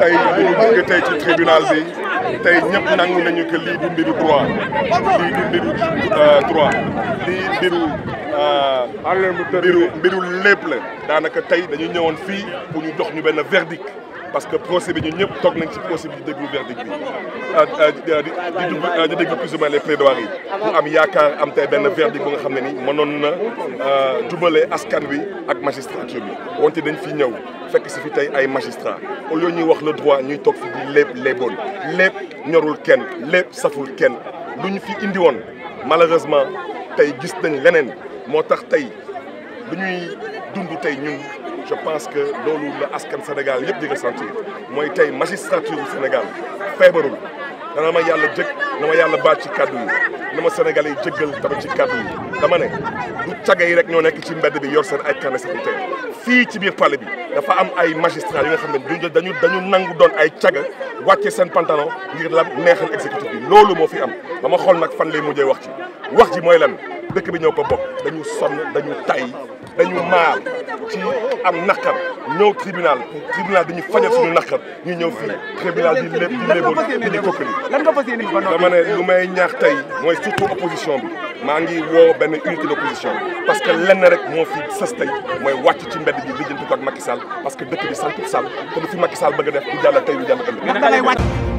tey bu ñu tey ci tribunal bi tey ñëpp nangu nañu que lii du mbiru droit lii mbiru euh, droit euh, mbiru mbiru la daanaka tey dañu ñëwoon fii pour ñu jox ñu benn verdict parce que procès bi ñu ñëpp toog nañ ci procès bi di déglu verdict bi euh, euh, euh, di di di déglu plus ou moins les yi mu am yaakaar am tey benn verdict bu nga xam ne ni mënoon na jubale askan bi ak magistrature bi wante dañ fi ñëw fekk si fi tey ay magistrat au lieu ñuy wax le droit ñuy toog fi di lépp léeboon lépp ñorul kenn lépp saful kenn lu ñu fi indi woon maleureusement tey gis nañ leneen moo tax tey lu ñuy dund tey ñun je pense que loolu la askan Sénégal yëpp di nga sentir mooy tey magistrature Sénégal feebaru dana ma yàlla jëg na ma yàlla baat ci kàddu yi na ma Sénégal yi jëggal dama ci kàddu yi dama ne du caga yi rek ñoo nekk ci mbedd bi yor seen ay carnet secrétaire fii ci biir palais bi dafa am ay magistrat yi nga xam ne dañu dañu nangu doon ay caga wàcce seen pantalon ngir la neexal exécutif bi loolu moo fi am dama xool nag fan lay mujjee wax ci wax ji mooy lan dëkk bi ñoo ko bokk dañu sonn dañu tay ci am naqar ñëw tribunal tribunal dañu fajal suñu naqar ñu ñëw fii tribunal di lépp di léeboon di ñu kokkali dama ne lu may ñaax tey mooy surtout opposition bi maa ngi woo benn unité d' opposition parce que lenn rek moo fi sës tey mooy wàcc ci mbedd bi lijjanti ko ak Macky parce que dëkk bi santu Sall te du fi Macky bëgg a def du jàll tey du jàll ëllëg